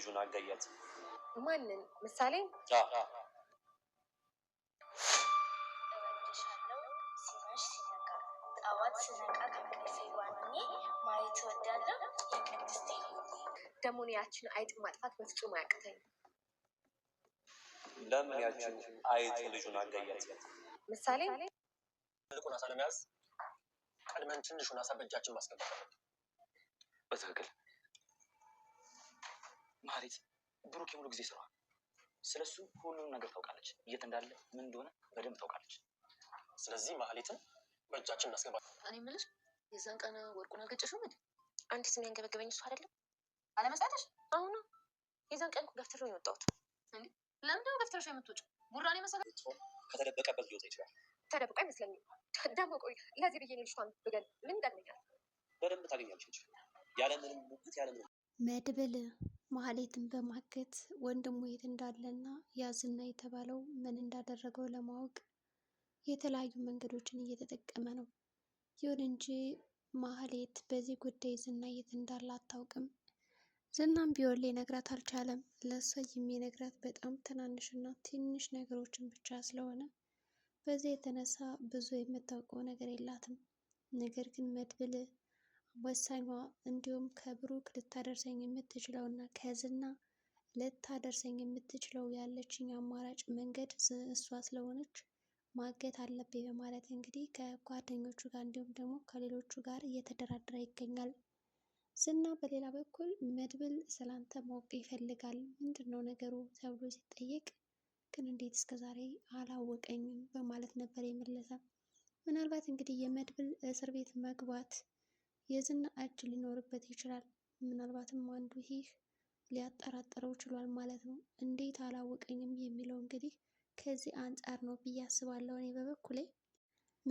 ልጁን አጋያት። ማንን? ምሳሌ ደግሞ ያችን አይጥ ማጥፋት በፍጹም አያቅተኝ። ለምን ያችን አይጥ ልጁን አጋያት? ምሳሌ ትልቁን አሳ ለመያዝ ቀድመን ትንሹን አሳ በእጃችን ማስገባት አለብን። በትክክል ማሪት ብሩክ የሙሉ ጊዜ ስሯል። ስለሱ ሁሉንም ነገር ታውቃለች። የት እንዳለ ምን እንደሆነ በደንብ ታውቃለች። ስለዚህ ማህሌትን በእጃችን እናስገባለን። እኔ የምልሽ የዛን ቀን ወርቁን አልገጨሽው? ምን አንቺ ስም ያንገበገበኝ እሱ አይደለም አለመስጠትሽ? አሁን የዛን ቀን ገፍትሮ ነው የወጣሁት። ለምንድነው ገፍትሮሽ የምትወጪው? ቡራን መሰለ ከተደበቀበት ሊወጣ ይችላል። ተደብቆ አይመስለኝም። ደግሞ ቆይ ለዚህ ብዬ ልሽን ብገል ምን ይጠቅመኛል? በደንብ ታገኛለች ያለምንም ሙግት ያለምንም መድብል ማህሌትን በማገት ወንድሙ የት እንዳለና ያዝና የተባለው ምን እንዳደረገው ለማወቅ የተለያዩ መንገዶችን እየተጠቀመ ነው። ይሁን እንጂ ማህሌት በዚህ ጉዳይ ዝና የት እንዳለ አታውቅም። ዝናም ቢሆን ሊነግራት አልቻለም። ለእሷ የሚነግራት በጣም ትናንሽ እና ትንሽ ነገሮችን ብቻ ስለሆነ በዚህ የተነሳ ብዙ የምታውቀው ነገር የላትም። ነገር ግን መድብል ወሳኟ እንዲሁም ከብሩክ ልታደርሰኝ የምትችለው እና ከዝና ልታደርሰኝ የምትችለው ያለችኝ አማራጭ መንገድ እሷ ስለሆነች ማገት አለብኝ በማለት እንግዲህ ከጓደኞቹ ጋር እንዲሁም ደግሞ ከሌሎቹ ጋር እየተደራደረ ይገኛል። ዝና በሌላ በኩል መድብል ስላንተ ማወቅ ይፈልጋል፣ ምንድን ነው ነገሩ ተብሎ ሲጠየቅ ግን እንዴት እስከዛሬ አላወቀኝም በማለት ነበር የመለሰ። ምናልባት እንግዲህ የመድብል እስር ቤት መግባት የዝና እጅ ሊኖርበት ይችላል። ምናልባትም አንዱ ይህ ሊያጠራጥረው ችሏል ማለት ነው። እንዴት አላወቀኝም የሚለው እንግዲህ ከዚህ አንጻር ነው ብዬ አስባለሁ። እኔ በበኩሌ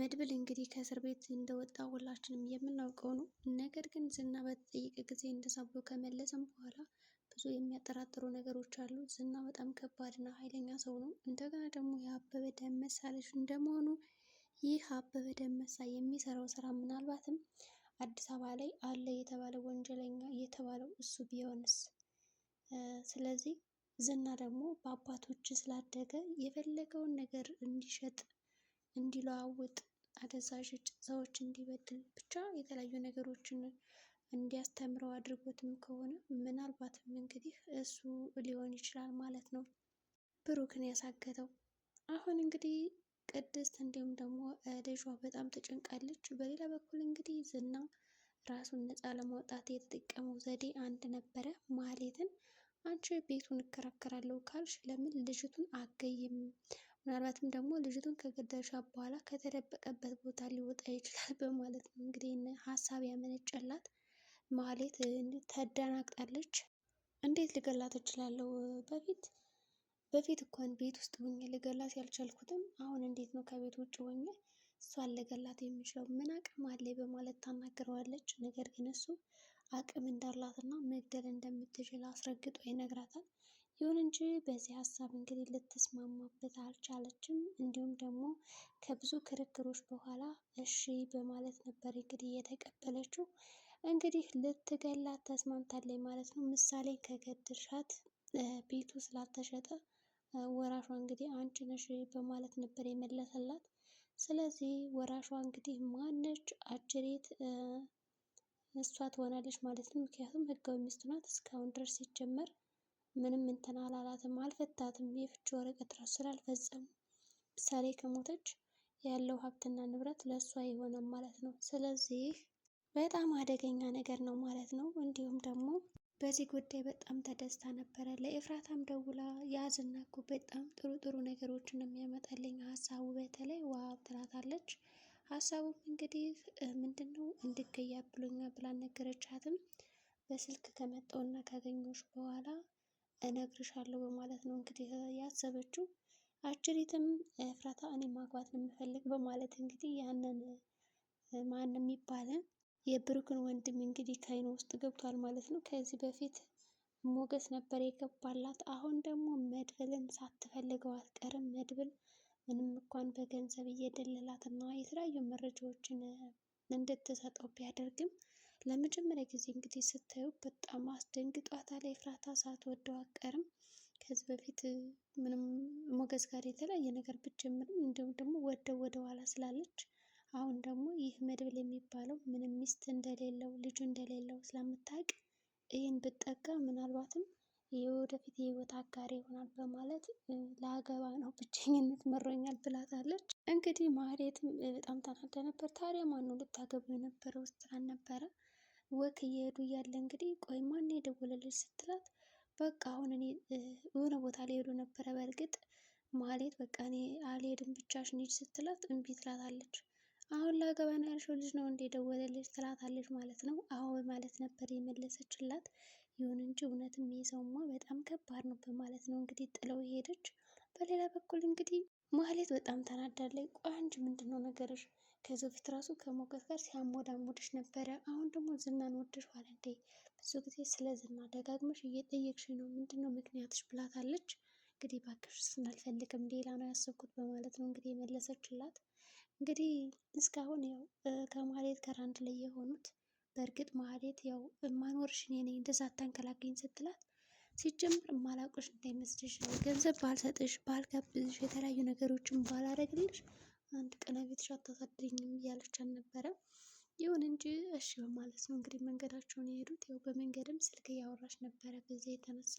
መድብል እንግዲህ ከእስር ቤት እንደወጣ ሁላችንም የምናውቀው ነው። ነገር ግን ዝና በተጠየቀ ጊዜ እንደዛ ብሎ ከመለሰም በኋላ ብዙ የሚያጠራጥሩ ነገሮች አሉ። ዝና በጣም ከባድና ኃይለኛ ሰው ነው። እንደገና ደግሞ የአበበ ደመሳ ልጅ እንደመሆኑ ይህ አበበ ደመሳ የሚሰራው ስራ ምናልባትም አዲስ አበባ ላይ አለ የተባለ ወንጀለኛ የተባለው እሱ ቢሆንስ? ስለዚህ ዝና ደግሞ በአባቶች ስላደገ የፈለገውን ነገር እንዲሸጥ እንዲለዋውጥ አደንዛዥ እፅ ሰዎች እንዲበድል ብቻ የተለያዩ ነገሮችን እንዲያስተምረው አድርጎትም ከሆነ ምናልባትም እንግዲህ እሱ ሊሆን ይችላል ማለት ነው ብሩክን ያሳገተው። አሁን እንግዲህ ቅድስት እንዲሁም ደግሞ ልጇ በጣም ተጨንቃለች። በሌላ በኩል እንግዲህ ዝና ራሱን ነፃ ለማውጣት የተጠቀመው ዘዴ አንድ ነበረ። ማህሌትን አንቺ ቤቱን እከራከራለሁ ካልሽ ለምን ልጅቱን አገይም? ምናልባትም ደግሞ ልጅቱን ከገደልሻ በኋላ ከተደበቀበት ቦታ ሊወጣ ይችላል በማለት ነው እንግዲህ ሀሳብ ያመነጨላት። ማህሌት ተደናግጣለች። እንዴት ልገላት እችላለሁ በፊት በፊት እንኳን ቤት ውስጥ ሆኜ ልገላት ያልቻልኩትም አሁን እንዴት ነው ከቤት ውጭ ሆኜ እሷን ልገላት የምችለው ምን አቅም አለኝ በማለት ታናግረዋለች። ነገር ግን እሱ አቅም እንዳላት እና መግደል እንደምትችል አስረግጦ ይነግራታል። ይሁን እንጂ በዚህ ሀሳብ እንግዲህ ልትስማማበት አልቻለችም። እንዲሁም ደግሞ ከብዙ ክርክሮች በኋላ እሺ በማለት ነበር እንግዲህ የተቀበለችው። እንግዲህ ልትገላት ተስማምታለች ማለት ነው። ምሳሌ ከገድልሻት ቤቱ ስላልተሸጠ ወራሿ እንግዲህ አንቺ ነሽ በማለት ነበር የመለሰላት። ስለዚህ ወራሿ እንግዲህ ማነች አጅሬት እሷ ትሆናለች ማለት ነው። ምክንያቱም ህጋዊ ሚስቱ ናት። እስካሁን ድረስ ሲጀመር ምንም እንትን አላላትም፣ አልፈታትም። የፍቺ ወረቀት ራሱ ስላልፈጸሙ ምሳሌ ከሞተች ያለው ሀብትና ንብረት ለእሷ የሆነ ማለት ነው። ስለዚህ በጣም አደገኛ ነገር ነው ማለት ነው። እንዲሁም ደግሞ በዚህ ጉዳይ በጣም ተደስታ ነበረ። ለኤፍራታም ደውላ ያዝና እኮ በጣም ጥሩ ጥሩ ነገሮችን የሚያመጣልኝ ሀሳቡ በተለይ ዋ ትላታለች። ሀሳቡም እንግዲህ ምንድን ነው እንድገያ ብሎኛ ብላ ነገረቻትም። በስልክ ከመጣውና ካገኘች በኋላ እነግርሻለሁ በማለት ነው እንግዲህ ያሰበችው። አችሪትም ኤፍራታ እኔ ማግባት ነው የምፈልግ በማለት እንግዲህ ያንን ማን የሚባልን የብሩክን ወንድም እንግዲህ ከአይኑ ውስጥ ገብቷል ማለት ነው። ከዚህ በፊት ሞገስ ነበር የገባላት። አሁን ደግሞ መድብልን ሳትፈልገው አትቀርም። መድብል ምንም እንኳን በገንዘብ እየደለላት እና የተለያዩ መረጃዎችን እንድትሰጠው ቢያደርግም ለመጀመሪያ ጊዜ እንግዲህ ስታዩ በጣም አስደንግጧታል። ኤፍራታ ሳትወደው አትቀርም። ከዚህ በፊት ምንም ሞገስ ጋር የተለያየ ነገር ብትጀምርም እንዲሁም ደግሞ ወደው ወደ ኋላ ስላለች አሁን ደግሞ ይህ መድብል የሚባለው ምንም ሚስት እንደሌለው ልጁ እንደሌለው ስለምታውቅ ይህን ብጠቀም ምናልባትም የወደፊት የህይወት አጋር ይሆናል በማለት ለአገባ ነው ብቸኝነት መሮኛል ብላታለች። እንግዲህ ማህሌትም በጣም ተናዳ ነበር። ታዲያ ማነው ልታገቡ የነበረው ስትላት ነበረ። ወክ እየሄዱ እያለ እንግዲህ ቆይ ማን የደወለልሽ ስትላት በቃ አሁን እኔ የሆነ ቦታ ሊሄዱ ነበረ። በእርግጥ ማህሌት በቃ እኔ አልሄድም ብቻሽን ሂጂ ስትላት እምቢ ትላታለች። አሁን ላገባ ነው ያልሽው ልጅ ነው እንዴ የደወለልሽ ትላታለች ማለት ነው። አዎ ማለት ነበር የመለሰችላት። ይሁን እንጂ እውነትም ይዘውማ በጣም ከባድ ነው በማለት ነው እንግዲህ ጥለው ሄደች። በሌላ በኩል እንግዲህ ማህሌት በጣም ተናዳለች። ቆንጅ ምንድን ነው ነገርሽ? ከዚህ በፊት ራሱ ከሞገስ ጋር ሲያሞዳሞድሽ ነበረ። አሁን ደግሞ ዝናን ወደድሽዋል እንዴ? ብዙ ጊዜ ስለ ዝና ደጋግመሽ እየጠየቅሽ ነው። ምንድን ነው ምክንያትሽ? ብላታለች እንግዲህ እባክሽ ስናልፈልግም ሌላ ነው ያሰብኩት በማለት ነው እንግዲህ የመለሰችላት። እንግዲህ እስካሁን ያው ከማህሌት ጋር አንድ ላይ የሆኑት በእርግጥ ማህሌት ያው ማኖርሽ እኔ ነኝ እንደዛ አታንከላከኝ ስትላት ሲጀምር ማላቆሽ እንዳይመስልሽ ገንዘብ ባልሰጥሽ ባልከብዝሽ የተለያዩ ነገሮችን ባላረግልሽ አንድ ቀን ቤትሽ አታሳድሪኝም እያለች አልነበረ። ይሁን እንጂ እሺ በማለት ነው እንግዲህ መንገዳቸውን የሄዱት። ያው በመንገድም ስልክ እያወራች ነበረ። በዚያ የተነሳ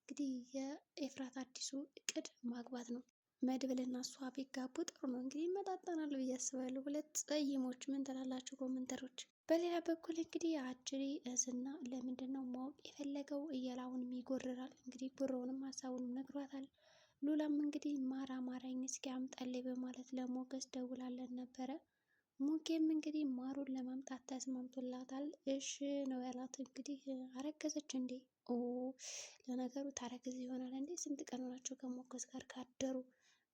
እንግዲህ የኤፍራት አዲሱ እቅድ ማግባት ነው። መድብልና እሷ ቢጋቡ ጥሩ ነው። እንግዲህ ይመጣጠናሉ ብዬ አስባለሁ። ሁለት ጸይሞች ምን ትላላችሁ ኮመንተሮች? በሌላ በኩል እንግዲህ አጅሪ እዝና ለምንድን ነው ማወቅ የፈለገው እየላውንም ይጎርራል። እንግዲህ ብሮውንም ሀሳቡንም ነግሯታል። ሉላም እንግዲህ ማራ ማራኝ እስኪ አምጣልኝ በማለት ለሞገስ ደውላለን ነበረ። ሙጌም እንግዲህ ማሩን ለማምጣት ተስማምቶላታል። እሽ ነው ያላት። እንግዲህ አረገዘች እንዴ? ኦ ለነገሩ ታረግዝ ይሆናል እንዴ? ስንት ቀን ሆናቸው ከሞገስ ጋር ካደሩ?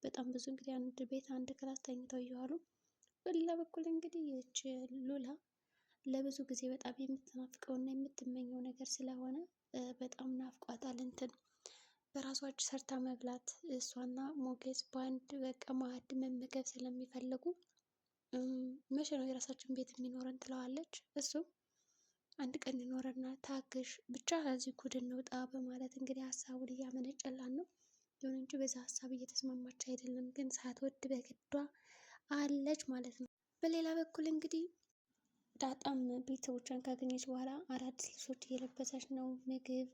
በጣም ብዙ እንግዲህ አንድ ቤት አንድ ክላስ ተኝተው እየዋሉ በሌላ በኩል እንግዲህ ይህች ሉላ ለብዙ ጊዜ በጣም የምትናፍቀው እና የምትመኘው ነገር ስለሆነ በጣም ናፍቋታል። እንትን በራሷች ሰርታ መብላት እሷና ሞገስ በአንድ በቃ ማዕድ መመገብ ስለሚፈልጉ መቼ ነው የራሳችን ቤት የሚኖረን ትለዋለች። እሱም አንድ ቀን ይኖረና ታግሽ ብቻ ከዚህ ጉድ እንውጣ በማለት እንግዲህ ሀሳቡን እያመነጨላን ነው። ይሁን እንጂ በዛ ሀሳብ እየተስማማች አይደለም፣ ግን ሳትወድ በግዷ አለች ማለት ነው። በሌላ በኩል እንግዲህ ዳጣም ቤተሰቦቿን ካገኘች በኋላ አዳዲስ ልብሶች እየለበሰች ነው። ምግብ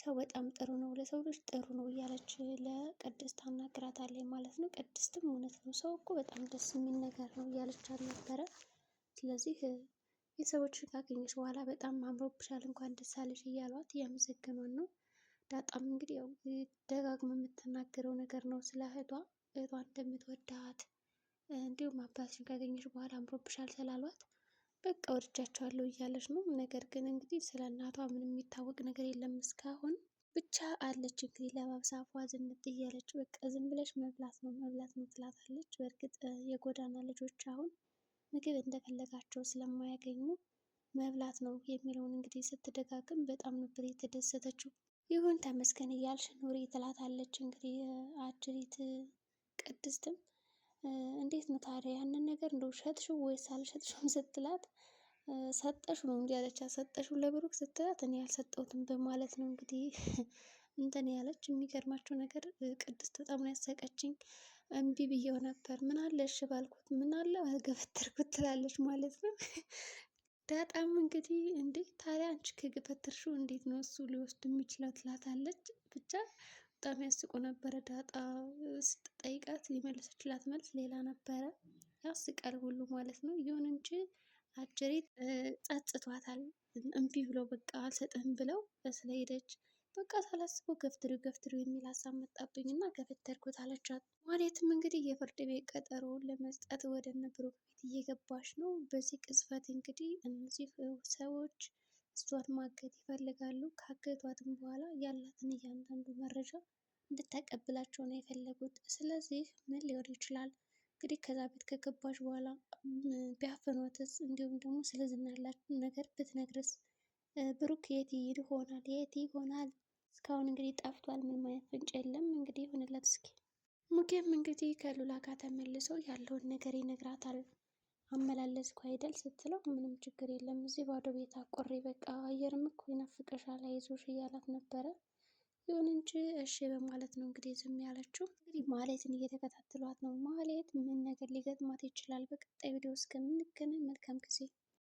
ሰው በጣም ጥሩ ነው፣ ለሰው ልጅ ጥሩ ነው እያለች ለቅድስት አናግራታለች ማለት ነው። ቅድስትም እውነት ነው ሰው እኮ በጣም ደስ የሚል ነገር ነው እያለች አልነበረ። ስለዚህ ቤተሰቦች ካገኘች በኋላ በጣም አምሮብሻል፣ እንኳን ደስ አለሽ እያሏት እያመሰገኗን ነው። ዳጣም እንግዲህ ያው ደጋግሞ የምትናገረው ነገር ነው ስለ እህቷ እህቷ እንደምትወዳት እንዲሁም አባትሽን ካገኘሽ በኋላ አምሮብሻል ስላሏት በቃ ወድጃቸዋለሁ እያለች ነው። ነገር ግን እንግዲህ ስለ እናቷ ምንም የሚታወቅ ነገር የለም እስካሁን። ብቻ አለች እንግዲህ ለባብሳ አፏ ዝንጥ እያለች በቃ ዝም ብለሽ መብላት ነው መብላት ነው ትላታለች። በእርግጥ የጎዳና ልጆች አሁን ምግብ እንደፈለጋቸው ስለማያገኙ መብላት ነው የሚለውን እንግዲህ ስትደጋግም በጣም ነበር የተደሰተችው። ይሁን ተመስገን እያልሽ ኑሪ ትላታለች። እንግዲህ አጅሪት ቅድስትም እንዴት ነው ታዲያ ያንን ነገር እንደው ሸጥሽው ወይስ አልሸጥሽውም ስትላት ሰጠሹ ነው እንጂ ያለች ሰጠሹ ለብሩክ ስትላት እኔ ያልሰጠሁትም በማለት ነው እንግዲህ እንትን ያለች። የሚገርማቸው ነገር ቅድስት በጣም ነው ያሰቀችኝ። እምቢ ብየው ነበር ምን አለ እሺ ባልኩት ምን አለ አልገበተርኩት ትላለች ማለት ነው። ዳጣም እንግዲህ እንዴ ታዲያ አንቺ ከገፈተርሽው እንዴት ነው እሱ ሊወስድ የሚችለው ትላታለች። ብቻ በጣም ያስቆ ነበረ። ዳጣ ስትጠይቃት የመለሰችላት መልስ ሌላ ነበረ። ያስቃል ሁሉ ማለት ነው። ይሁን እንጂ አጀሬት ጸጽቷታል። እምቢ ብሎ በቃ አልሰጥህም ብለው ስለሄደች በቃ ሳላስበው ገፍትሪው ገፍትሪው የሚል ሀሳብ መጣብኝ እና ገፈተርኩት አለቻት። ማለትም እንግዲህ የፍርድ ቤት ቀጠሮውን ለመስጠት ወደ እነ ብሩክ ቤት እየገባች ነው። በዚህ ቅጽበት እንግዲህ እነዚህ ሰዎች እሷን ማገት ይፈልጋሉ። ካገቷትም በኋላ ያላትን እያንዳንዱ መረጃ እንድታቀብላቸው ነው የፈለጉት። ስለዚህ ምን ሊሆን ይችላል እንግዲህ ከዛ ቤት ከገባች በኋላ ቢያፈኗትስ፣ እንዲሁም ደግሞ ስለዝና ያላትን ነገር ብትነግርስ ብሩክ የት ይሆናል? የት ይሆናል? እስካሁን እንግዲህ ጠፍቷል። ምንም አይነት ፍንጭ የለም። እንግዲህ ይሁንለት እስኪ። ሙኬም እንግዲህ ከሉላ ጋር ተመልሶ ያለውን ነገር ይነግራታል። አመላለስኩ አይደል ስትለው ምንም ችግር የለም እዚህ ባዶ ቤት አቆሬ በቃ አየርም እኮ ይናፍቅሻል አይዞሽ እያላት ነበረ። ይሁን እንጂ እሺ በማለት ነው እንግዲህ ዝም ያለችው። እንግዲህ ማለትን እየተከታተሏት ነው። ማለት ምን ነገር ሊገጥማት ይችላል? በቀጣይ ቪዲዮ እስከምንገናኝ መልካም ጊዜ